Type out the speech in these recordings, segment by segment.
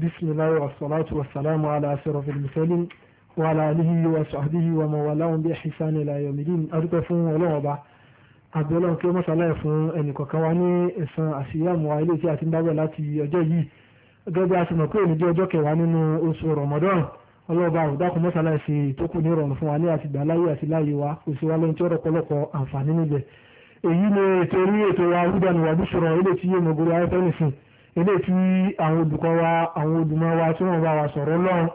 بسم الله والصلاة والسلام على أشرف المرسلين وعلى آله وصحبه ومن والاهم بإحسان إلى يوم الدين أدوكم فún Ọlọ́run Ọba abiola kí ó mọ̀ sálẹ̀ fún ẹnìkọ̀ọ̀kan wa ní ẹ̀sán àṣìyàmù wa ilé tí a ti ń dábọ̀ láti ọjọ́ yìí gẹ́gẹ́ bí a ti mọ̀ pé òní jẹ́ ọjọ́ kẹwàá nínú oṣù Ramadan ọlọ́ọ̀bá àwùdákùn mọ́sálà ṣe ìtókù ní ìrọ̀rùn fún wa ní àtìgbà àti láyé wa kò sí wa lóyún tí ó rọpọlọpọ̀ àǹfààní níbẹ̀ èyí ni ètò orí ètò wa rúdànù wàdúṣọrọ ilé tí yóò mọ̀ gorí ayẹ́fẹ́ nìsín ilé tí àwọn olùkọ́ wa àwọn olùmọ̀ wa tí wọ́n bá wa sọ̀rọ̀ lọ́rùn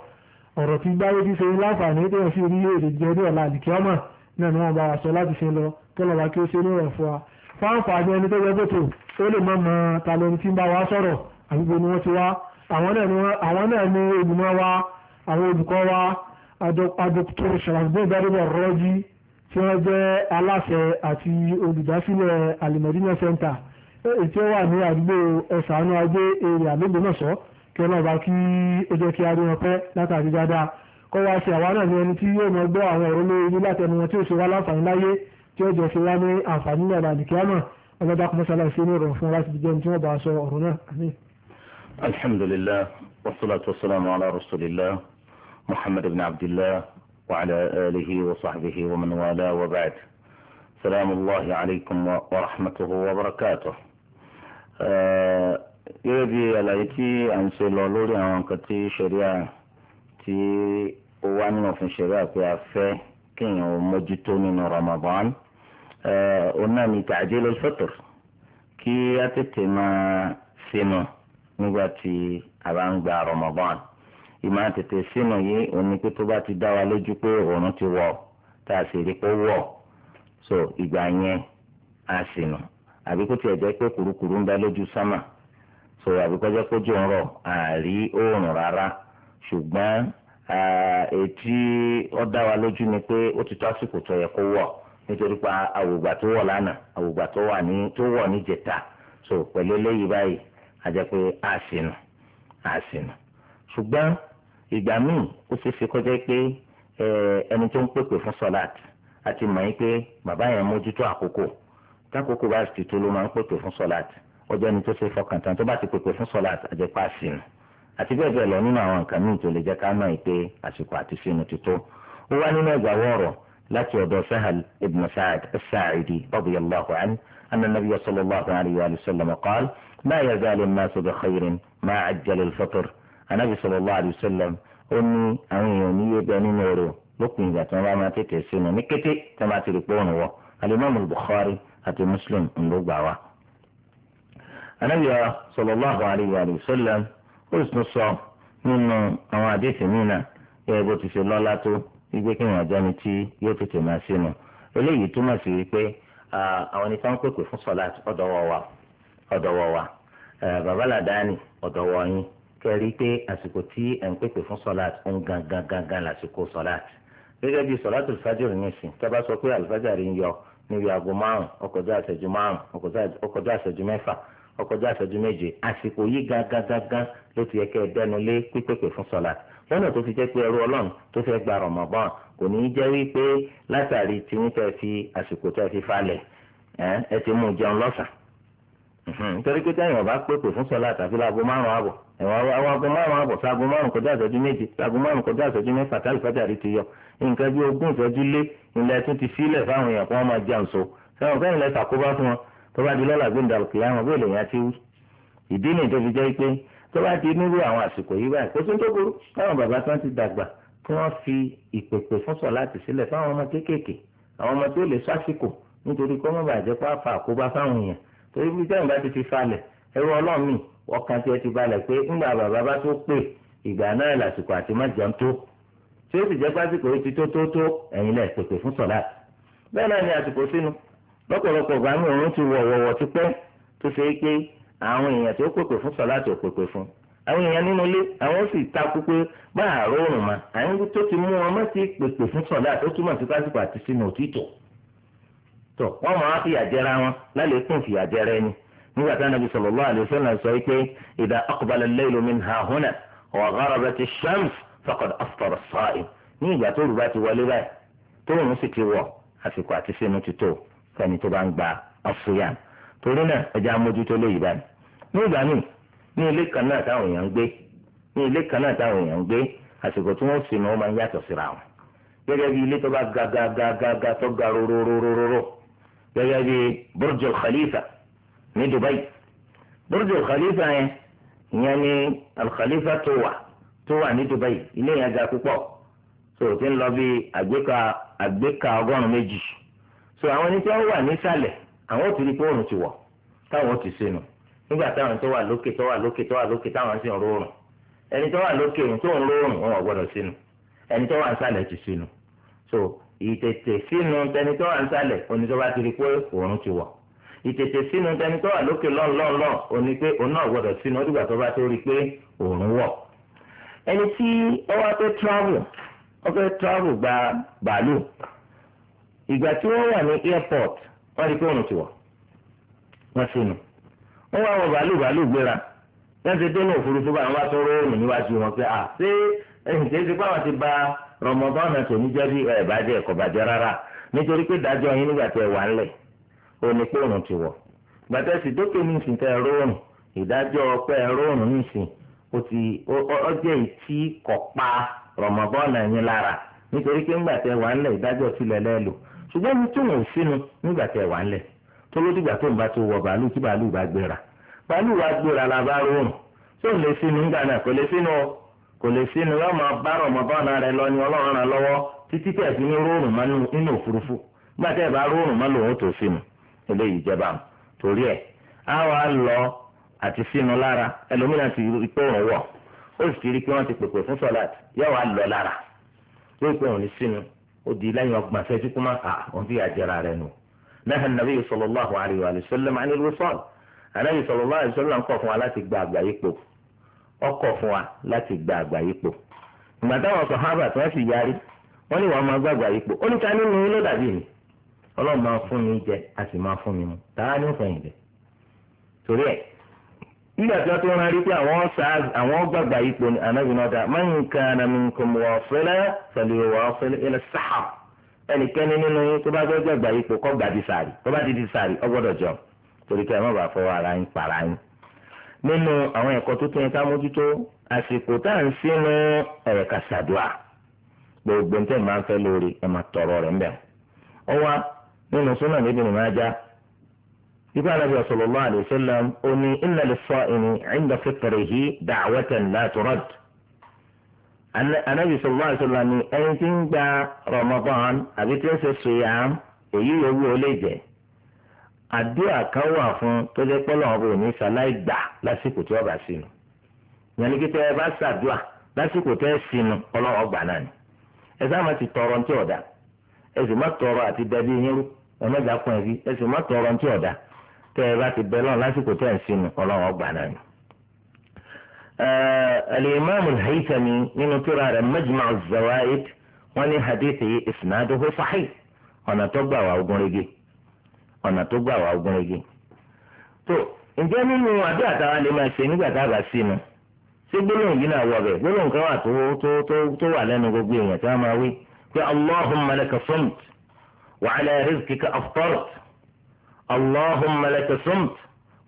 ọ̀rọ̀ tí gbáyé ti ṣe láǹfààní tó yẹ sí orílẹ̀-èdè jẹ́ ní ọ̀la àdìkíọ́mà náà ni wọ́n bá wa sọ láti ṣe lọ kọ́lọ́wà kí ó ṣe nírọ̀ fún wa fáǹfààní ẹni tó yẹgbẹ́ tó ó lè mọ̀ mọ́ ta lẹni tí ń bá wa sọ̀rọ̀ àgbègbè ni wọ́n ti wá àwọn náà ni olùmọ̀ wa àwọn olùkọ́ wa adókòtò ṣàlàbí ètí ó wà àdúgbò ẹ̀sánú ajé èrè àgbègbè náà sọ kí ọlọ́ba kí ó jẹ́ kí a rí wọn pẹ́ látàrí dáadáa kọ́ wá sí àwa náà ní ẹni tí yóò mọ gbọ́ àwọn ọ̀rọ̀ lórí látẹnu wọn tí ó ṣe wá láǹfààní láyé tí ó jẹ́ ṣe wá ní àǹfààní náà làdìkíá náà ọlọ́dà kọ́mọ́sálà ìṣẹ́ ní ìrọ̀rùn fún wa láti jẹun tí wọ́n bá sọ ọ̀rọ̀ náà. الحمد لله والصلاة والسلام على رسول الله محمد بن عبد الله وعلى آله وصحبه ومن والاه وبعد سلام الله عليكم ورحمته وبركاته Eh, gẹ́gẹ́ bí àlàyé tí à ń ṣe lọ lórí àwọn nǹkan tí ṣẹ̀ríà tí ó wá nínú òfin ṣẹ̀ríà pé a fẹ́ kéèyàn ó mójútó nínú Ramadan eh, òun náà ni ta'jil al-fitr kí á tètè máa sínú nígbà tí a bá ń gba Ramadan ìmọ̀ àtètè sínú yìí òun ni pé tó bá ti dá wa lójú pé òun ti wọ̀ tá a sì rí pé wọ̀ so ìgbà yẹn á sínú. àbí kó tiẹ̀ jẹ́ pé kùrukùru ń bẹ lójú so àbí kó jẹ́ pé ojú ń rọ̀ àárí oòrùn rárá ṣùgbọ́n ó dá wa lójú ni pé ó ti tó àsìkò tó yẹ kó wọ̀ nítorí pa àwògbà tó wọ̀ lánàá àwògbà tó wà ní tó wọ̀ ní jẹta so pẹ̀lú eléyìí báyìí a jẹ́ pé a sì nù a sì nù ṣùgbọ́n ìgbà míì ó ṣeé ṣe kó pé ẹni tó ń pèpè fún àti mọ̀ yín pé tákòókò bá ti tó ló máa ń pèpè fún sọláàtì ọjọ́ ni tó ṣe fọkàn tán tó bá ti pèpè fún sọláàtì àjẹpá sínú àti bẹ́ẹ̀ bẹ́ẹ̀ lọ nínú àwọn nǹkan míì tó lè jẹ́ ká mọ̀ pé àsìkò àti sínú ti tó ó wá nínú ẹ̀gbà wọ̀rọ̀ láti ọ̀dọ̀ sahal ibn sa'ad as-sa'idi radiyallahu anhu anna nabiyya sallallahu alayhi wa sallam qaal la yazalu an-nasu bi khayrin ma ajjala al anabi sallallahu alayhi wa sallam ó ní àwọn èèyàn ní yé bẹ nínú ọ̀rọ̀ àti muslim ló gbà wá. anabi sallallahu alayhi wa sallam ó sì tún sọ nínú àwọn àdéhùn mi náà ẹ bó ti ṣe lọ́lá tó wípé kí wọn jẹ́ni tí yóò tètè máa sínú eléyìí túmọ̀ sí wípé àwọn ẹni tí wọ́n pèpè fún sọ̀láàtì ọ̀dọ̀wọ̀ wa ọ̀dọ̀wọ̀ wa bàbá làdáni ọ̀dọ̀wọ̀ yín kẹrí pé àsìkò tí ẹ̀ ń pèpè fún sọ̀láàtì ń gan gan gan gan lásìkò sọ̀láàtì gẹ́gẹ́ bí sọ̀láàtì alifájìrì ní ìsìn tẹ́ bá sọ pé alifájìrì ń yọ níbi aago márùn ọkọjá àṣẹjú márùn ọkọjá àṣẹjú mẹ́fà ọkọjá àṣẹjú méje àsìkò yìí gangan ló ti yẹ kẹ́ ẹ dẹnu lé pípèpè fún sọlá lọ́nà tó fi jẹ́ pé ẹrú ọlọ́run tó fẹ́ gba rọ̀mọ̀bọ́n kò ní í jẹ́ wípé látàrí tí wọ́n fẹ́ fi àsìkò tẹ́ fi falẹ̀ ẹ ti mú jẹun lọ́sàn-án nítorí pé táyà ọba pèpè fún sọlá tàbí láago márùn ààbọ̀ ẹ̀wọ̀n àwọn aago márùn-ún àbọ̀ sago márùn-ún kọjá ìṣẹ́jú méje sago márùn-ún kọjá ìṣẹ́jú mẹ́fà tá àlùfájàrí ti yọ nǹkan bí ogún ìṣẹ́jú lé ilẹ̀ tún ti sílẹ̀ fáwọn èèyàn kó wọ́n máa jẹun so sẹ́wọ̀n kẹ́yìn lẹ́sà kó bá fún wọn tó bá di lọ́la gbẹ̀ndà òkè àwọn bó lè yàn ti wí. ìdí nìyí tó fi jẹ́ pé tó bá ti nírú àwọn àsìkò yìí báyìí kó tún tó burú káwọn bàbá tán ti dàgbà kí wọ́n fi ìpèpè fún sọ láti sílẹ̀ fáwọn ọmọ kéékèèké àwọn ọmọ tó lè sásìkò nítorí kó má bàjẹ́ àkóbá fáwọn èèyàn torí bí jẹ́ ìgbà ti fi falẹ̀ ẹrú ọlọ́run mi ọkàn tiẹ̀ ti balẹ̀ pé ńgbà bàbá bá tó pè ìgbà náà lásìkò àti má jẹun tó tí ó sì jẹ́ pásìkò yìí ti tó tó tó ẹ̀yin lẹ̀ pèpè fún sọ̀lá bẹ́ẹ̀ náà ni àsìkò sínú lọ́pọ̀lọpọ̀ ìgbà mi òun ti wọ̀ wọ̀wọ̀ ti pẹ́ tó ṣe é pé àwọn èèyàn tó pèpè fún sọ̀lá tó pèpè fún àwọn èèyàn nínú ilé àwọn sì takú pé bá àárọ̀ òrùn mà àyìn tó ti mú wọn má ti pèpè fún sọ̀lá tó túmọ̀ sí pásìkò àti sínú òtítọ́ tó wọ́n máa fìyà jẹra wọn lálẹ́ kún fìyà jẹra ẹni nígbà tí anabi sallallahu alaihi wasallam sọ pé idha aqbala al-laylu min hahuna wa gharabat ash-shams faqad aftara as-sa'im ní ìgbà tó rúbá ti wọlé báyìí tó rùn sì ti wọ̀ àsìkò àti sínú ti tó fẹ́ni tó bá ń gba as-siyam torí náà ẹja amójútó lè yí báyìí ní ìgbà míì ní ilé kan náà táwọn èèyàn ń gbé ní ilé kan náà táwọn èèyàn ń gbé àsìkò tí wọ́n sì náà máa ń yàtọ̀ síra wọn gẹ́gẹ́ bí ilé tó bá ga ga ga ga ga tó ga rorororororo gẹ́gẹ́ bí burj al-khalifa ní Dubai burj al-Khalifa yẹn ìyẹn ní al-Khalifa tó wà tó wà ní Dubai ilé yẹn ga púpọ̀ so ti ń lọ bí àgbéka àgbéka ọgọ́rùn méjì so àwọn ẹni tí wọ́n wà nísàlẹ̀ àwọn ò ti rí pé oòrùn ti wọ̀ táwọn ò ti sínú nígbà táwọn tó wà lókè tó wà lókè tó wà lókè táwọn sì ń rọrùn ẹni tó wà lókè òun tó ń rọrùn wọn ò gbọdọ̀ sínú ẹni tó wà nísàlẹ̀ ti sínú so ìtètè sínú tẹni tó wà nísàlẹ̀ oní tó ti rí pé oòrùn ti wọ̀ ìtètè sínú tẹni tó wà lókè lọ́nlọ́nlọ́ òní pé òun náà gbọ́dọ̀ sínú ó dìgbà tó bá tó rí i pé òun wọ̀. ẹni tí ó wá pé travel ó fẹ́ travel gba bàálù ìgbà tí wọ́n wà ní airport wọ́n rí i pé òun ti wọ̀ wọ́n sínú wọ́n wá wọ bàálù bàálù gbéra wọ́n ti dénú òfurufú báyìí wọ́n bá tó róòmù níwájú wọn pé à ṣé ẹ̀yìn tẹ́sí pé àwọn ti ba rọmọdọ́nà tòun jẹ́ bí ẹ̀ bá ẹ̀kọ́ bàjẹ́ rárá nítorí pé dájọ́ yín nígbà tí ẹ wà ńlẹ̀ òní pé òrùn ti wọ̀ gbàtẹ́sì dókè ní ìsìn tẹ róòrùn ìdájọ́ ọpẹ́ róòrùn ní ó ti ọjọ́ ìtí kọ̀pa rọ̀mọ́bọ́ọ̀nà yín lára nítorí pé ńgbà tẹ wà ńlẹ̀ ìdájọ́ tilẹ̀ ṣùgbọ́n mi tún wọ̀ la bá róòrùn tó lè sínú ńgbà náà kò lè sínú o kò lè sínú yóò bá rọ̀mọ́bọ́ọ̀nà rẹ lọ ní ọlọ́run ràn lọ́wọ́ títí tẹ̀ eléyìí jẹba torí ẹ̀ á wà lọ àti sínú lára ẹlòmíràn ti rí òun wọ̀ ó sì ti rí pé ti pèpè fún lọ lára yóò pé òun ní sínú ó di lẹ́yìn ọgbọ̀n ṣẹ́jú kúmọ́ à òun fi àjẹrà rẹ̀ nù náà nàbí sallallahu alaihi wa sallam àní rúṣọ́ọ̀lù fún gba àgbà fún gba àgbà ìgbà táwọn sì yarí máa gbàgbà ó ní ká nínú dàbí ọlọ́run máa fún yín jẹ a sì máa fún yín mu tààrà ní òfin ìjẹ torí ẹ nígbà tí wọn tó rán rí pé àwọn sars àwọn gbàgbà ipò ní anábìnọdà man kana minkum ghafila falyughafil ila sahar ẹnikẹ́ni nínú yín tó bá fẹ́ gbàgbà ipò kó gbà di sàárì tó bá ti di sàárì ó gbọ́dọ̀ jọ torí kí ẹ má bàa fọwọ́ ara yín para yín nínú àwọn ẹ̀kọ́ tó tún yẹn ká mójútó àsìkò tá à ń sínú ẹ̀ẹ̀ka sàdúà gbogbo ní tẹ́ ẹ̀ máa ń fẹ́ lórí ẹ̀ máa tọrọ rẹ̀ ńbẹ̀ nínú súnà níbi ní máa já ibi alábi sallallahu alayhi wa sallam ó ní inna lis-sa'imi 'inda fitrihi da'watan la turad anabi sallallahu alayhi wa sallam ní ẹni tí ń gba Ramadan àbí tí ń ṣe siyam èyí yòówù ó lè jẹ àdúrà kan wà fún tó jẹ pọlọ ọbọ òní sáláì gbà lásìkò tí ọba sínú yẹn ní kíkẹ ẹ bá ṣàdúrà lásìkò tẹ sínú ọlọ́rọ̀ gbà náà ni ẹ sáà má ti tọrọ ní tí ọdà ẹsùn má tọrọ àti dẹbi yín rú ẹmẹjà pọn ẹbí ẹsùn má tọrọ ntí ọdà tẹ ẹ bá ti bẹ lọ lásìkò tẹ ẹ sinmi Ọlọ́run ọgbà náà ni. الإمام الهيثمي من ترى مجمع الزوائد وني حديثه إسناده صحيح ọ̀nà tó gbà wá ogun rege ọ̀nà tó gbà wá ogun rege tó ǹjẹ́ nínú àdúrà máa ṣe nígbà tá a bá sí ṣé gbólóhùn yìí náà wọ gbólóhùn pé allahumma laka sumt wa ala rizqika aftart allahumma laka sumt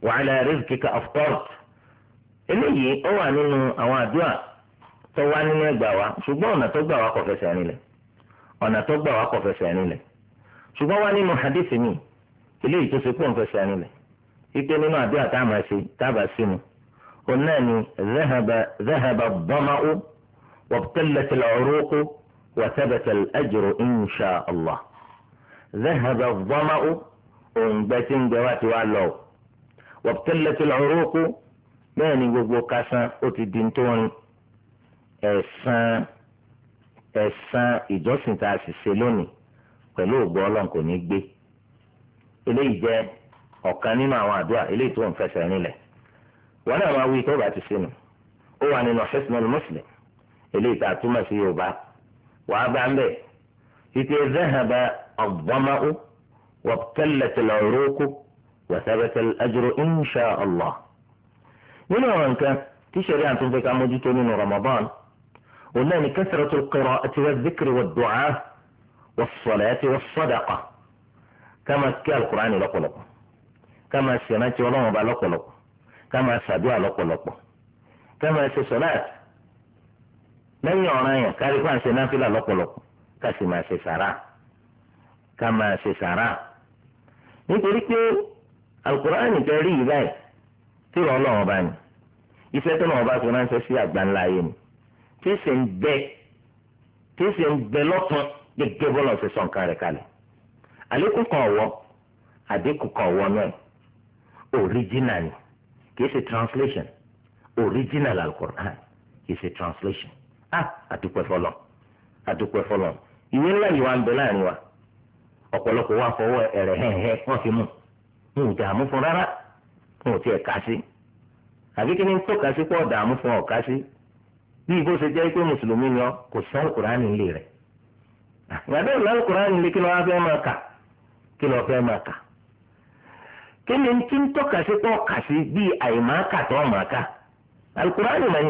wa ala rizqika aftart eléyìí ó wà nínú àwọn àdúrà tó wá nínú ẹgbàá wa ṣùgbọ́n ọ̀nà tó gbà wá kò fẹsẹ̀ nílẹ̀ ọ̀nà tó gbà wá kò fẹsẹ̀ nílẹ̀ ṣùgbọ́n wá nínú hadith mi eléyìí tó ṣe pọ̀ ń fẹsẹ̀ nílẹ̀ ike nínú àdúrà tá a máa ṣe tá a bá sí mu òun ni zahaba zahaba dhama'u wabtallat al-uruqu وثبت الأجر إن شاء الله ذهب الظمأ أنبت جوات والو وابتلت العروق بين gbogbo kásán ó ti di tóorin ẹ̀sán ẹ̀sán ìjọsìn tá a sì ṣe lónìí pẹ̀lú ògbó ọlọ́run kò ní gbé eléyìí jẹ́ ọ̀kan nínú àwọn àdúrà eléyìí tó ń fẹsẹ̀ rinlẹ̀ wọn náà máa wí tó bá ti sínú ó wà nínú Hisnul Muslim eléyìí tá a túmọ̀ sí Yorùbá وأبعمه إذا ذهب الظمأ وابتلت العروق وثبت الأجر إن شاء الله من أن كان في شريعة تنفيك من رمضان ولان كثرة القراءة والذكر والدعاء والصلاة والصدقة كما كي القرآن لقلق كما السماء والله مبالق كما السابع لقلق كما السلاة lẹ́yìn ọ̀ràn yẹn kárí fún àṣẹ náfìlà lọ́pọ̀lọpọ̀ ká sì máa ṣe sàrà ká máa ṣe sàrà nítorí pé alukur'an tẹ rí yìí báyìí tí ìrọ̀ ọlọ́run bá ní iṣẹ́ tó náà bá fi ránṣẹ́ sí àgbáńlá ayé ni tí sì ń bẹ tí sì ń bẹ lọ́tún gẹ́gẹ́ bọ́lá ṣe sọ nǹkan kalẹ̀ àlékún kan ọ̀wọ́ àdínkù kan ọ̀wọ́ náà original ni ṣe translation original alukur'an kì í ṣe translation. a ah, àdúpẹ́ fọlọ́ àdúpẹ́ fọlọ́ ìwé ńlá yìí wà ń bẹ láàrin wa ọ̀pọ̀lọpọ̀ wa fọwọ́ ẹ̀rẹ̀ hẹ́hẹ́ wọ́n fi mú un ò dààmú fún rárá wọn ò tiẹ̀ sí àbí kí ni tó ká sí pọ̀ dààmú fún ọ̀ sí bí ibo ṣe jẹ́ pé ọ kò sọ rẹ̀ gbàdé kí fẹ́ máa kà kí fẹ́ máa kà kí ni ń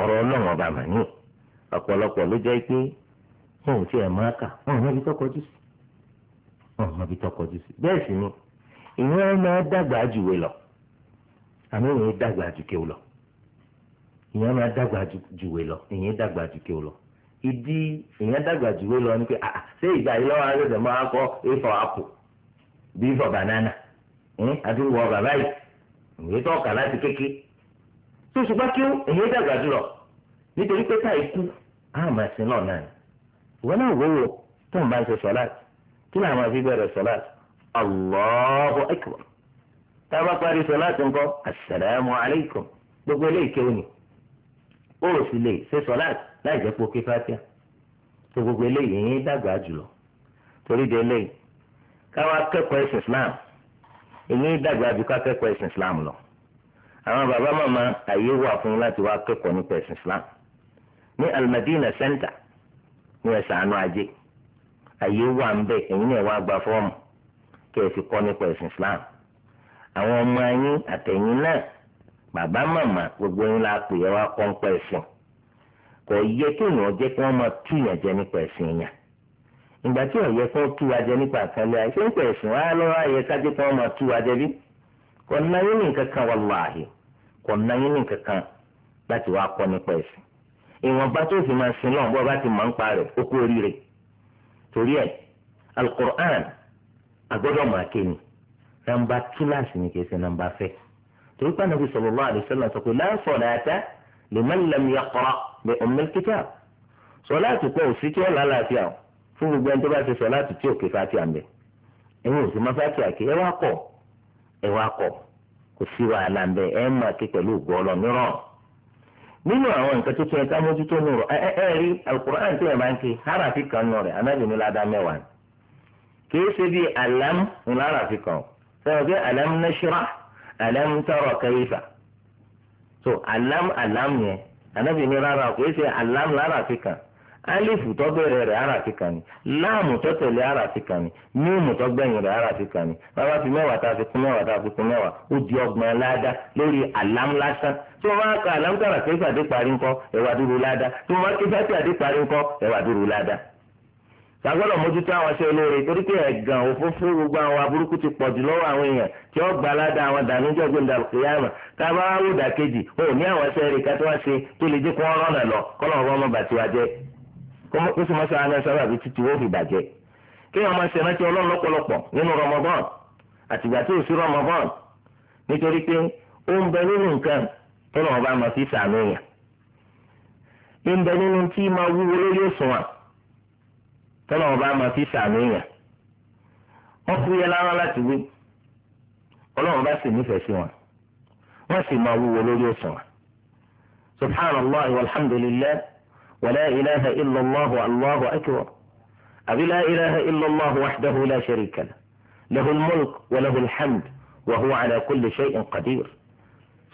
ọrọ ọlọ́run ọba màní ọpọlọpọ ló jẹ́ pé wọn ò tiẹ̀ máa kà wọn ò mọbi tó sí wọn ò mọbi tó sí sì ni máa lọ àmì dàgbà ju kéwù lọ máa dàgbà lọ dàgbà ju lọ ìdí dàgbà lọ ni pé ṣé ìgbà yìí lọ́wọ́ máa kọ́ banana bàbá yìí ìwé tó ṣùgbọ́n kí èyí dàgbà jùlọ nítorí pé táyì kú àmà sí náà náà ìwọ náà wọ́wọ́ tó ń bá ń ṣe sọ́láàtì kí ni àwọn afíbẹ̀rẹ̀ sọ́láàtì Allahu akbar tá a bá parí sọ́láàtì ńkọ́ assalamu alaikum gbogbo eléyìí kéwù ni ó sì lè ṣe sọ́láàtì láì jẹ́ pé ó ké fátíà tó gbogbo eléyìí èyí dàgbà jùlọ torí de eléyìí káwá kẹ́kọ̀ọ́ ẹ̀sìn Islam èyí dàgbà jù ká kẹ́kọ̀ọ́ ẹ̀sìn Islam lọ. àwọn baba mama àyè wà fún láti wá kẹ́kọ̀ọ́ nípa ẹ̀sìn Islam ní al Center ní ẹ̀sán àánú ajé àyè wà ń bẹ ẹ̀yin náà wá gba fọ́ọ̀mù fi kọ́ nípa ẹ̀sìn Islam àwọn ọmọ yín àtẹ̀yìn náà bàbá gbogbo yín la pè é wá kọ́ nípa ẹ̀sìn kò yẹ kí èèyàn jẹ́ kí wọ́n máa tú yàn jẹ nípa ẹ̀sìn yàn ìgbà tí ò yẹ kí wọ́n tú kò náyé ní kankan láti wá kọ́ nípa ẹ̀sìn ìwọ̀nba tó sì máa sin lọ́wọ́ bó bá ti máa ń pa rẹ̀ ó kú oríire torí ẹ̀ alukur'an agbọ́dọ̀ máa ké ni nàmbà kíláàsì ni kìí ṣe nàmbà fẹ́ torí pé anabi sallallahu alaihi wasallam sọ pé la salata liman lam yaqra bi ummil kitab sọláàtì pọ̀ òsì tí ó lálàáfíà fún gbogbo ẹni tó bá ṣe sọláàtì tí ò ké fàtíà ń bẹ̀ ẹ̀yin òsì má fàtíà ké ẹ wá kọ̀ ẹ wá kọ̀ kò sí wàhálà ń bẹ ẹ máa ké pẹ̀lú ògbọ́ ọlọ́ mìíràn nínú àwọn nǹkan tó tún ẹ ká mójútó nù rọ ẹ ẹ rí alukur'an tó yẹ máa ń ké harafi kan nù rẹ anábì ní ládàá mẹ́wàá kìí ṣe bíi alam ní harafi kan sọ pé alam nashrah alam tara kayfa so alam alam yẹn anábì ní rárá kìí ṣe alam harafi kan alifu tó bẹ̀rẹ̀ rẹ̀ ara ti kàn ní láàmù tó tẹ̀lé ara ti kàn ní mímù tó gbẹ̀yìn rẹ̀ ara ti kàn ní bàbá fi mẹ́wàá tá a fi kún mẹ́wàá tá a fi kún mẹ́wàá ó di ọgbọ̀n ládá lórí àlám lásán tí wọ́n bá ka àlám tààrà kí ìfàdé parí ńkọ́ ẹ̀wà dúró ládá tí wọ́n bá kí ìfàdé parí ńkọ́ ẹ̀wà dúró ládá tagbọ́dọ̀ mójútó àwọn aṣọ olóore torí pé ẹ̀gàn òfófó gbogbo àwọn aburúkú ti pọ̀jù lọ́wọ́ àwọn èèyàn tí ó gba aládá àwọn dànù jọ́gbó ndàlùkìyàmà tábà wà wò dàkejì ó ní àwọn aṣọ eré kátó wá ṣe tó lè dín kó ọ̀rọ̀ náà lọ kọ́lọ̀ ọ̀rọ̀ ọmọ bàtí wa ó sì máa sọ̀rọ̀ ẹ̀sọ́ àbí títí ó fi bàjẹ́ kí wọ́n máa ṣèrántí ọlọ́run lọ́pọ̀lọpọ̀ nínú Ramadan àtìgbà tí ò sí Ramadan nítorí pé ó ń bẹ nínú nǹkan tó lọ́wọ́ bá máa fi sàánú yàn ń bẹ nínú tí máa wúwo lórí òṣùwọ̀n tó lọ́wọ́ bá máa fi sàánú yàn wọ́n kú yẹ lára láti wí ọlọ́run bá sì nífẹ̀ẹ́ sí wọn wọ́n sì máa wúwo lórí òṣùwọ̀n subhanallah walhamdulillah. ولا إله إلا الله الله أكبر أبي لا إله إلا الله وحده لا شريك له له الملك وله الحمد وهو على كل شيء قدير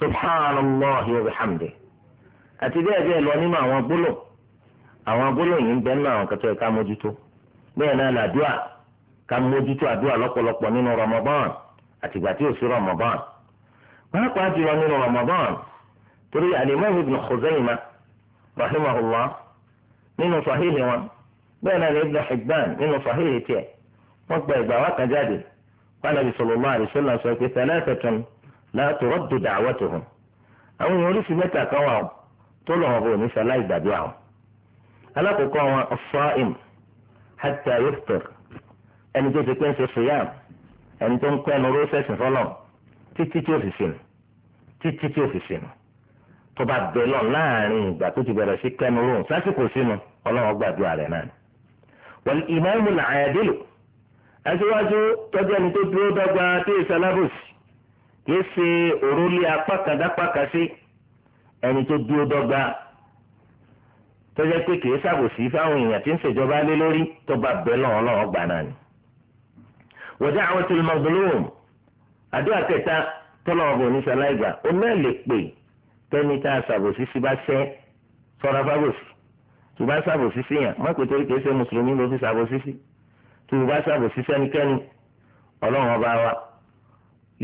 سبحان الله وبحمده àti bẹ́ẹ̀ bẹ́ẹ̀ lọ nínú àwọn gbólò àwọn gbólò yìí ń bẹ nínú àwọn kẹtọ́ ẹ̀ka mójútó bẹ́ẹ̀ náà làdúà ká mójútó àdúà lọ́pọ̀lọpọ̀ nínú Ramadan àtìgbà tí ò sí Ramadan pàápàá jùlọ nínú Ramadan torí Al-Imam Ibn Khuzaymah rahimahullah nínú sahihi wọn bẹ́ẹ̀ náà ní ibn hibban nínú sahihi tiẹ̀ wọ́n gba ìgbà wákàn jáde pàlàbí sallallahu alaihi wasallam sọ pé thalathatun la turaddu da'watuhum àwọn èèyàn oríṣi mẹ́ta kan wà tó lọ́wọ́ bò ní sàlàyé dàbí àwọn alákòókò wọn as-sa'im hatta yuftir ẹni tó ti pé ń ṣe siyam ẹni tó ń kọ́ ẹnu ró sẹ́sìn fọlọ́ títí tí ó fi sínú títí tí ó fi sínú tó bá bẹ lọ láàrin ìgbà tó ti bẹ̀rẹ̀ sí kẹnu rún sásìkò sínú ọlọ́wọ́ gbàdúrà rẹ̀ náà wọ́n ìmáàmù làáyàdélò aṣíwájú tọ́jú ẹni tó dúró dọ́gba tó yẹ sálábòsì kì í ṣe òrùlé apákàdápákà sí ẹni tó dúró dọ́gba tọ́jú pé kì í ṣàbòsí fáwọn èèyàn tí ń ṣèjọba lé lórí tó bẹ lọ ọlọ́wọ́ gbà náà ni. wọ́n dá àwọn tìlùmọ̀gbọ́lóhùn àdúrà kẹta tọ́lọ́wọ́ bò ní sáláìgbà tẹ́ni tá a ṣàbòsí sí bá ṣẹ́ sọ́ra fábòsí tó bá ṣàbòsí sí yàn má pété kìí ṣe mùsùlùmí ló fi ṣàbòsí sí tó bá ṣàbòsí sẹ́nikẹ́ni ọlọ́run ọba wa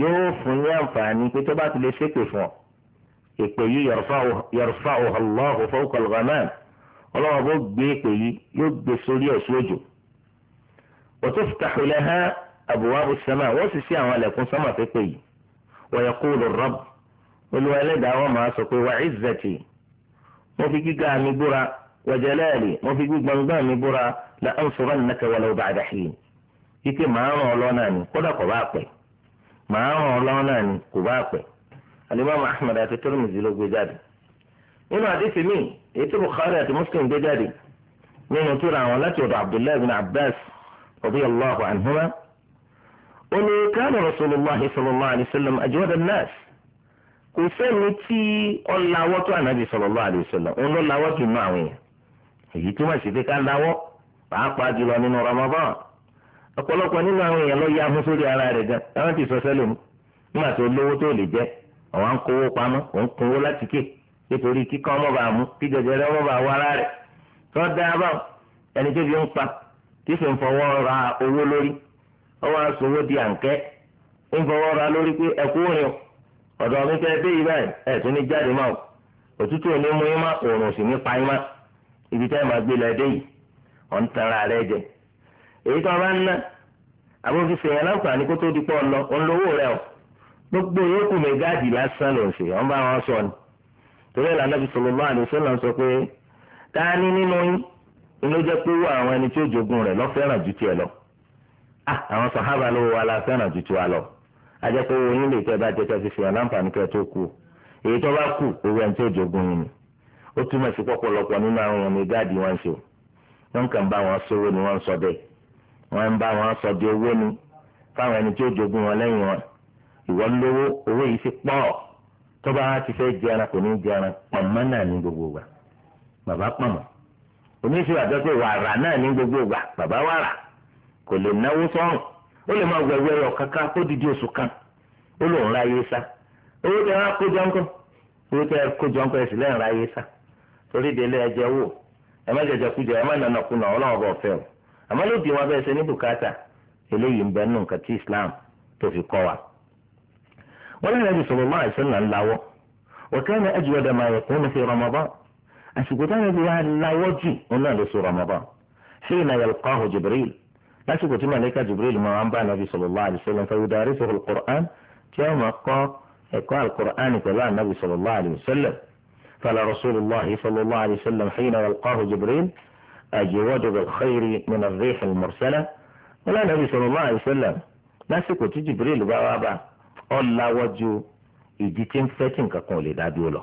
yóò fún ní àǹfààní pé tó bá ti lè ṣépè fún ọ èpè yìí yọrọfà ọlọ́hù fọwọ́kọlọ́gà náà ọlọ́run ọba ó gbé èpè yìí yóò gbé sórí ẹ̀sùn òjò òtún fìtàkù lẹ́hàn àbúwá bùsùnmá wọ́n sì ṣí àwọn ẹlẹ́kùn sọ́mà fẹ́pẹ́ yìí wọ́n yẹ kó lọ rọ́bù olúwa ẹlẹ́dàá wọn máa sọ pé wà ìzẹ̀tì mo fi gíga mi búra wa jalali mo fi gbígbọ́ngbọ́n mi búra la ansurannaka walau ba'da hin ike màá ràn ọ́ lọ́nà ni kódà kò bá pẹ́ màá ràn ọ́ lọ́nà ni kò bá pẹ́ alimami ahmed àti tirmidhi ló gbé jáde nínú àdìsí mi èyí tó bukhari àti muslim gbé jáde nínú tóra àwọn láti ọ̀dọ̀ abdullahi bin abbas radiyallahu anhuma ó ní rasulillah sallallahu alayhi wa sallam ajwada an-nas. kò sẹ́ni tí ọ̀làwọ́ tó ànábì sallallahu alaihi wasallam òun ló lawọ́ jù nù àwọn èèyàn èyí túmọ̀ sí pé ká lawọ́ pàápàá jùlọ nínú Ramadan ọ̀pọ̀lọpọ̀ nínú yá sórí ara rẹ̀ gan ẹ̀wọ́n ti sọ sẹ́lẹ̀ mu nígbà tó lówó tó lè jẹ́ àwọn ń kówó pamọ́ kówó láti ké nítorí kíkọ́ ọmọ ara rẹ̀ pa ọ̀dọ̀ mi tẹ́ dé ibà ẹ̀ tún ní jáde máa òtútù ò ní mú yín má òòrùn sì ní pa yín má ibi tẹ́ máa gbé lọ dé yìí ọ̀ ń tara rẹ jẹ èyí tó bá ń ná àbófi fèèyàn láǹfààní kó tó di pọ̀ lọ òun lówó rẹ o gbogbo yòókù mẹ́gáàdì lásán ló ń ṣe ọ̀n bá wọn sọ ni torí ẹ̀ lànà sallallahu alaihi wasallam sọ pé ta ni nínú yín ni ló jẹ́ pé wọ àwọn ẹni tí ó jogun rẹ̀ lọ fẹ́ràn ju tiẹ̀ lọ ah, àwọn sàhábà ajẹ́ pé owó yín lè tẹ́ bá jẹ́ kẹ́ fi fi ọ̀nà àǹfààní kẹ́ tó kù èyí tó bá kù owó ẹni tó jogun yìí ni ó túmọ̀ sí pọ̀pọ̀lọpọ̀ nínú àwọn wọn ṣe wọn wọn sọ̀rọ̀ ni wọ́n sọ bẹ́ẹ̀ wọ́n ń bá wọn sọ di owó ni fáwọn ẹni tó jogun wọn lẹ́yìn wọn ìwọ lówó owó yìí ti pọ̀ tó bá ti fẹ́ jẹran kò ní jẹran pọ̀nmọ́ náà ní gbogbo wa bàbá ara oníṣẹ́ àjọṣe gbogbo bàbá ó lè máa wẹ̀wẹ̀ rẹ̀ kankan kó didi oṣù kan ó lòun ra ayé sá owó tẹ ẹ kó jọǹkọ owó tẹ ẹ kó jọǹkọ ẹsìn lẹ́yìn ra ayé sá torí délé ẹ wò ẹ má jẹjẹ kú ẹ má nànà kú nà ọlọ́wọ́ bọ̀ o àmọ́ wọn bẹ́ẹ̀ Islam tó fi kọ́ wa. wọ́n sọ̀rọ̀ máa ṣe lásìkò tí màlẹ́kà jibril máa ń bá anabi sallallahu alaihi wasallam fa yudarisuhu al-Qur'an tí wọ́n máa kọ́ ẹ̀kọ́ al-Qur'an pẹ̀lú anabi sallallahu alaihi wasallam fala rasulullahi sallallahu alaihi wasallam hina yalqahu jibril ajwadu bil-khayri min ar-rih al-mursala wọ́n anabi sallallahu alaihi wasallam lásìkò tí jibril bá wá bá ọ láwọ́jú ìdí tí ń fẹ́ tí nǹkan kan ò lè dá dúró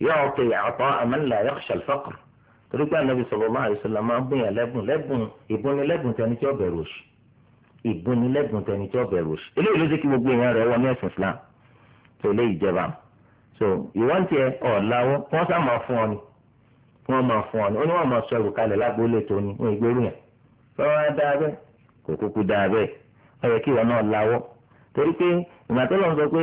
يعطي عطاء من لا يخشى الفقر torí pé anabi sallallahu alaihi wasallam máa ń bùnyàn lẹ́bùn lẹ́bùn ìbùnni تاني tẹni tí ó bẹ̀rù òṣì ìbùnni lẹ́bùn tẹni tí ó bẹ̀rù òṣì eléyìí ló jẹ́ kí gbogbo èèyàn rẹ̀ wọ ní ẹ̀sìn Islam tó so ìwọ́n tiẹ̀ ọ̀làwọ́ wọ́n sá máa fún ọ ni wọ́n máa fún ọ ni ó ní wọ́n máa sọ ẹrù kalẹ̀ lágbólé tó ni wọ́n ìgbérù yẹn fọwọ́ dáa bẹ́ẹ̀ kò kúkú dáa bẹ́ẹ̀ ó yẹ kí ìwọ náà lawọ́ torí pé ìgbà tó lọ sọ pé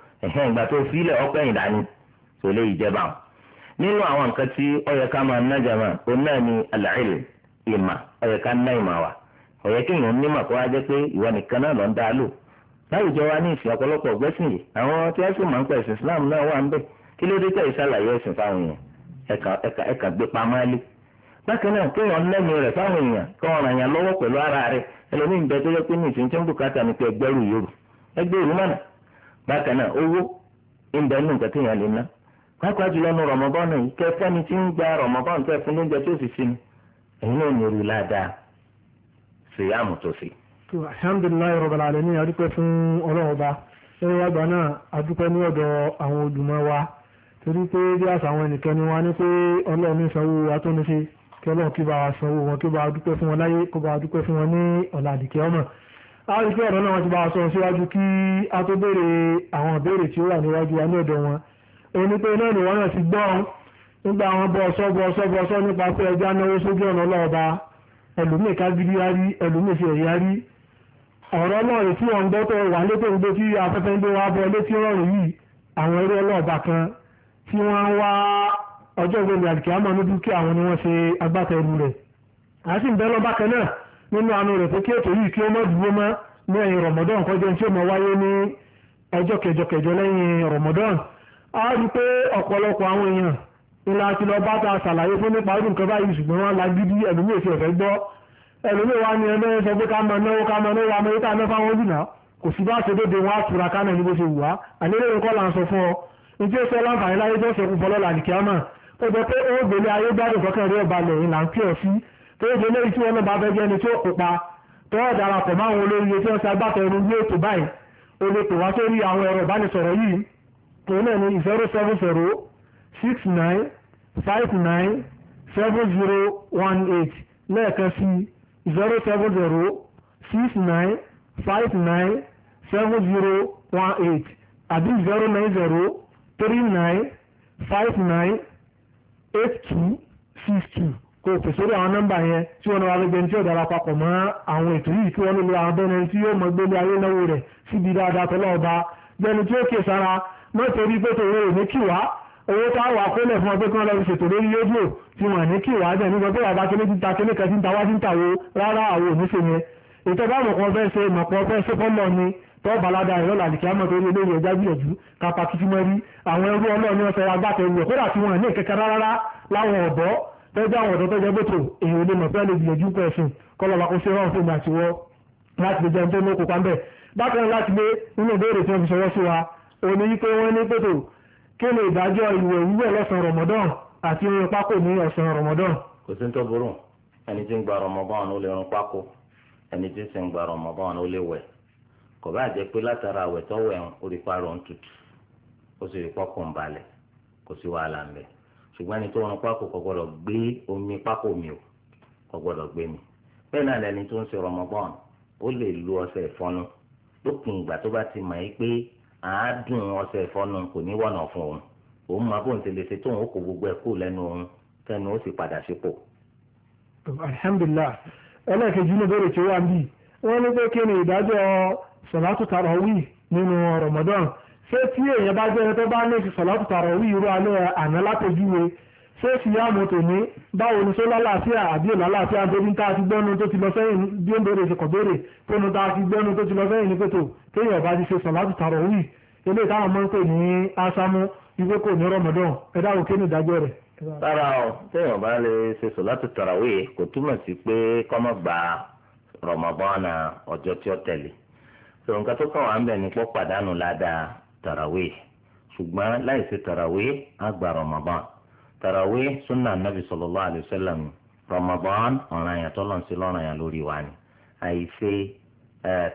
ẹ̀hẹ́n ìgbà tó filẹ̀ ọpẹ́ ìdání tó lè ìjẹba o nínú àwọn nǹkan tí ó yẹ ká máa ná jàmá ó náà ní al-ilm ìmà ó ná ìmà wa ó kí èèyàn nímà kó wá jẹ́ pé ìwọ nìkan náà lọ si dá lò láwùjọ wa ní ìsìn ọ̀pọ̀lọpọ̀ yìí àwọn tí wọ́n sì máa ń pẹ̀ sí Islam náà wà ń bẹ̀ kí ló dé tẹ̀ ìsàlàyé ẹ̀sìn fáwọn èèyàn ẹ̀ka gbé pamọ́ bákan ara rẹ̀ ẹlòmíín tó yẹ pé ní ìsìn tí bákan náà owó ìbẹ̀ nù nǹkan téèyàn lè ná pápá jùlọ nu rọmọbọ́ọ̀nù yìí kẹ fẹ́ni tí ń gba rọmọbọ́ọ̀nù kẹ fún lóúnjẹ tó sì sí ni èyí náà ní orí ládàá ṣèyàmù tó sí. alhamdulilayi rabbil alamin adúpẹ́ fún ọlọ́run ọba ṣẹ́yìn wá gbà náà adúpẹ́ ní ọ̀dọ̀ àwọn olùmọ̀ wa torí pé bí àṣà àwọn ẹnìkan ni wọ́n ní pé ọlọ́run ní sanwó atúnṣe kí ọlọ́run kí bá wa sanwó wọn kí bá wa dúpẹ́ fún wọn láyé kó bá wa fún wọn ní ọ̀làdìkẹ́ ọmọ a rí pé ọ̀rọ̀ náà wọ́n ti bá sọ síwájú kí a tó béèrè àwọn ìbéèrè tí ó wà níwájú wa ní ọ̀dọ̀ wọn òní pé náà ni wọ́n náà ti gbọ́ nígbà àwọn bọ́ọ̀sọ́ bọ́ọ̀sọ́ bọ́ọ̀sọ́ nípa pé ẹja náwó sójú ọ̀nà ọlọ́ọ̀ba ẹlòmíì kágídí yarí ẹlòmíì fi ẹ̀yà rí ọ̀rọ̀ ọlọ́ọ̀rẹ́ tí wọ́n ń gbọ́ tó wà létò ń gbé tí afẹ́fẹ́ ń gbé wá bọ́ létí rọrùn yìí àwọn eré ọlọ́ọ̀ba kan tí wọ́n ń wá ọjọ́ ìgbẹ́ni àdìkẹ́ àmọ́ ní dúkìá àwọn ni wọ́n ṣe agbátẹrù rẹ̀ àá sì ń bẹ́ nínú anu rẹ̀ pé kí ètò yìí kí ó mọ̀ dúró mọ́ ní ẹ̀yìn Ramadan kọjá tí ó mọ̀ wáyé ní ọjọ́ kẹjọ kẹjọ lẹ́yìn Ramadan a rí pé ọ̀pọ̀lọpọ̀ àwọn èèyàn ńlá ti lọ bá ta ṣàlàyé fún nípa ọdún kan báyìí ṣùgbọ́n wọn la gidi ẹlòmíì ti ọ̀fẹ́ gbọ́ ẹlòmíì wa ni ẹlẹ́ sọ pé ká mọ náwó ká mọ náwó amẹ́ríkà náà fáwọn jùlọ kò sí bá ṣe dédé wọn á tura ká náà ní bó ṣe wù wá àlérè nǹkan là tó yẹ lórí tí wọn náà bá fẹ́ jẹ́ ẹni tí ó kópa tó wọ́n darapọ̀ mọ́ àwọn olórí tí wọ́n ṣe agbátẹrù ní ètò báyìí o lè pè wá sórí àwọn ẹ̀rọ ìbánisọ̀rọ̀ yìí tó náà ní zero seven zero six nine five nine seven zero one eight lẹ́ẹ̀kan sí zero seven zero six nine five nine seven zero one eight àbí zero nine zero three nine five nine eight two six two kò pèsè orí àwọn nọ́mbà yẹn tí wọ́n wá gbẹgbẹ tí ó dára papọ̀ mọ́ àwọn ètò yìí kí wọ́n lè lo àwọn bẹ́ẹ̀ tí yóò mọ gbélé ayé náwó rẹ̀ síbi dáadáa tọ́lọ́ ọba gbẹni tí ó kè sára mọ́tòrí pé tòun ò ní kì wá owó tá a wà kólẹ̀ fún ọ pé kí wọ́n lọ fi ṣètò lórí rédíò tí wọ́n ní kì wá jẹ́ nígbà pé bàbá kílé ti ta kílé kan ti ta wá sí ń tàwo rárá àwọn òníṣe yẹn ìtọ́jú fẹ́ ṣe mọ̀pọ̀ fẹ́ ṣe pọ́nlọ ni tọ́ balada ẹ̀rọ làlìkí àmọ́ torí olórí ẹja gbìyànjú kápá kìtìmọ́rí àwọn ẹrú ọlọ́ọ̀ni ọ̀sẹ̀ agbátẹrù ẹ̀ kódà tí wọ́n ní ìkẹ́kẹ́ rárá láwọn ọ̀bọ tẹ́jú àwọn ọ̀dọ́ tẹ́jú ẹgbẹ́ tó èèyàn olè mọ̀fẹ́ lè gbìyànjú pẹ̀ ẹ̀sìn kọlọ́ba kó ṣe ráhùn fún àti wọ́ láti lè jẹun tó ní okùnpá ń bẹ̀. bákan láti lé nínú ìbéèrè tí wọ́n fi ṣọwọ́ sí wa òní wípé wọ́n ní pètò kí ni ìdájọ́ ìwẹ̀ wíwẹ̀ lọ́sàn rọmọdán àti irun pákó ní ọ̀sán rọmọdán. kò sí tó burú ẹni tí ń gba rọmọbọ́n ló lè rún pákó ẹni tí sì ń ṣùgbọ́n ẹni tó ran pákó kò gbọ́dọ̀ gbé omi pákó mi o kò gbọ́dọ̀ gbé mi bẹ́ẹ̀ náà lẹni tó ń ṣe Ramadan ó lè lo ọṣẹ ìfọnu lópin ìgbà tó bá ti mọ̀ ẹ́ pé àádùn ọṣẹ ìfọnu kò ní wọ̀nà fún òun òun máa bóun ti lè ṣe tóun ó kó gbogbo ẹ̀ kú lẹ́nu òun tẹnu ó sì padà sípò. alhamdulilah ẹlẹ́ẹ̀kejì ní bẹ̀rẹ̀ tí ó wà ń bì wọ́n ní pé kí ni ìdájọ́ sọ̀látù tarawih nínú Ramadan ṣé tí èèyàn bá jẹ́ tó bá ní oṣù sọ̀látù tàràwí irú alẹ́ àná látọjúwe ṣé sì yá àmọ́ tòní báwo ni sólá láàfíà àbí òlà láàfíà tó ní tá a ti gbẹ́nu tó ti lọ sẹ́yìn bí ó ń bèrè ìṣẹ̀kọ̀ bèrè tó ní tá a ti gbẹ́nu tó ti lọ sẹ́yìn ní pẹ̀tọ̀ téèyàn bá ti ṣe sọ̀látù tàràwí eléyìí táwọn máa ń pè ní ásámú ìwé kò ní rọmọdán ẹ dáwọ kí ni ìdájọ́ rẹ̀. rárá o téèyàn bá lè ṣe sọ̀látù tàràwí kò túmọ̀ sí pé kọ́mọ̀ gba rọmọbọ́nà ọjọ́ tí ó tẹ̀lé tòun ká tó kàn wá ń bẹ̀ ní pọ́ pàdánù ládàá tarawih ṣùgbọ́n láì ṣe tarawih àgbà ramadan tarawih sunna nabi sallallahu alayhi wa sallam ramadan ọ̀ràn yẹn tọ́lọ̀ ń ṣe lọ́ràn yẹn lórí wa ni àìṣe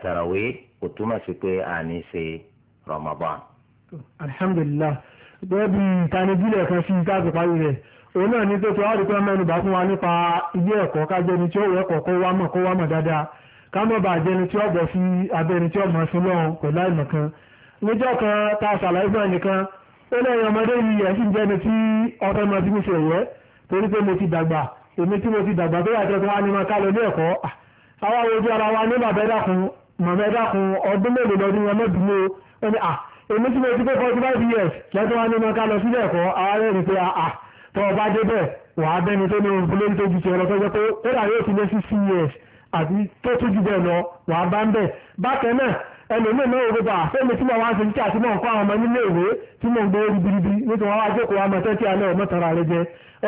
tarawih kò túmọ̀ sí pé à ní ṣe ramadan. alhamdulillah bẹ́ẹ̀ bí ìtanijílẹ̀ kan sí ìtàgé parí rẹ̀ òun náà ní tó tó àdìpẹ́ mẹ́nubà fún wa nípa ilé ẹ̀kọ́ kájẹni tí ó wẹ̀ ẹ̀kọ́ kó wá mọ̀ kó wá mọ̀ dáadáa ká mọ̀ bàjẹ́ni tí ó bọ̀ sí abẹ́ni tí ó mọ̀ sí lọ́hùn pẹ̀lú àìmọ̀kan níjọ́ kan ta ṣàlàyé fún ẹnìkan ó lẹ́yìn ọmọdé yìí ẹ̀ sì ń jẹ́ni tí ọ̀fẹ́ máa ti mú ṣe yẹ torí pé mo ti dàgbà èmi tí mo ti dàgbà tó yàtọ̀ tó wá ní máa ká lọ ní ẹ̀kọ́ àwa ojú ara wa ní bàbá ẹ̀dàkùn màmá ẹ̀dàkùn ọdún mélòó lọ́dún wọn mọ́dún ó ẹni à èmi tí mo ti pé forty five years lẹ́tọ́ wá ní máa ká lọ sílẹ̀ ẹ̀kọ́ àwa rẹ̀ ní pé àà tó ọba débẹ̀ wà á bẹ́ni tó ní ohun fúlé nítorí ti ọ̀rọ̀ tó jẹ́ pé kódà yóò ti lé sí six years àti tó tún jù bẹ́ẹ̀ lọ wà á bá ń bẹ̀ bákan náà ẹlòmíì náà gbogbo àfẹ́mi tí mo wá ń ṣe àti mò ń àwọn ọmọ nílé ìwé tí mo ń gbé ribiribi nítorí wọn wá jókòó àmọ́ tẹ́tí alẹ́ ọmọ tara rẹ jẹ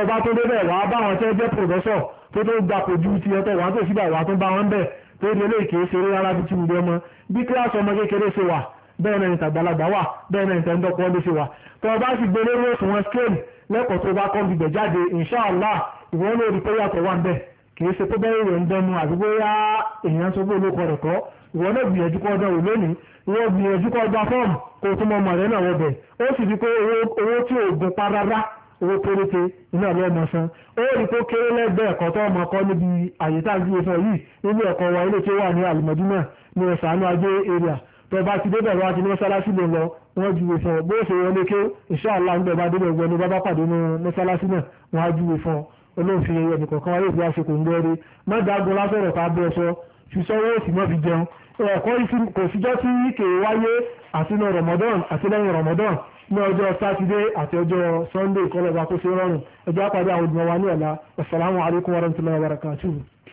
ọba tó dé bẹ́ẹ̀ wàá bá wọn tẹ́ jẹ́ pòfẹ́sọ̀ tó tó gbapò ju ti ọtọ wàá tó síbà wàá tó bá wọn bẹ́ẹ̀ tó lé lè kéé ṣeré rárá bí ti ọmọ bí kíláàsì ọmọ kékeré ṣe wà bẹ́ẹ̀ náà ìtàgbàlagbà wà bẹ́ẹ̀ náà ìtàndọ́kọ́ ló ṣe wà tó wà ń kìí ṣe pé bẹ́ẹ̀ rẹ̀ ń dẹnu àti bóyá èèyàn sọ pé olóko rẹ̀ kọ́ ìwọ náà gbìyànjú kọ́ ọdún òun lónìí ìwọ gbìyànjú kọ́ ọdún fọ́ọ̀mù kó o tún mọ ọmọ rẹ náà wọ bẹ̀ ó sì rí pé owó tí ò gun pa rárá owó péréte iná ló ọmọ san ó rí pé ó kéré lẹ́gbẹ̀ẹ́ ẹ̀kọ́ tó ọmọ kọ́ níbi àyè tá à ń gbé sọ yìí nínú ẹ̀kọ́ wa ilé tí ó wà ní àlùmọ́dúnà ní ọ̀sánú ajé area tó ti débẹ̀ wá ti ní mọ́sálásí lè lọ wọ́n júwe fún bó ṣe wọlé ké ìṣáàlá ń bẹ̀ bá débẹ̀ wọlé bá bá pàdé ní mọ́sálásí náà wọ́n á júwe fún olóòfin ẹni kọ̀ọ̀kan wáyé ìfẹ́ àṣekò ń gbẹ́rẹ́ mọ́dàgùn lásọ̀rọ̀ ká bọ́ ọṣọ ṣùṣọ́wọ́ òsì mọ́ fi jẹun ẹ̀kọ́ kò síjọ́ tí kè wáyé àtinú Ramadan àti lẹ́yìn Ramadan ní ọjọ́ sátidé àti ọjọ́ Sunday kọlọ́ba kó ṣe rọrùn ẹjọ́ àpàdé àwọn òdùnmọ̀ wa ní ọ̀la Assalamu alaikum warahmatullahi wabarakatuh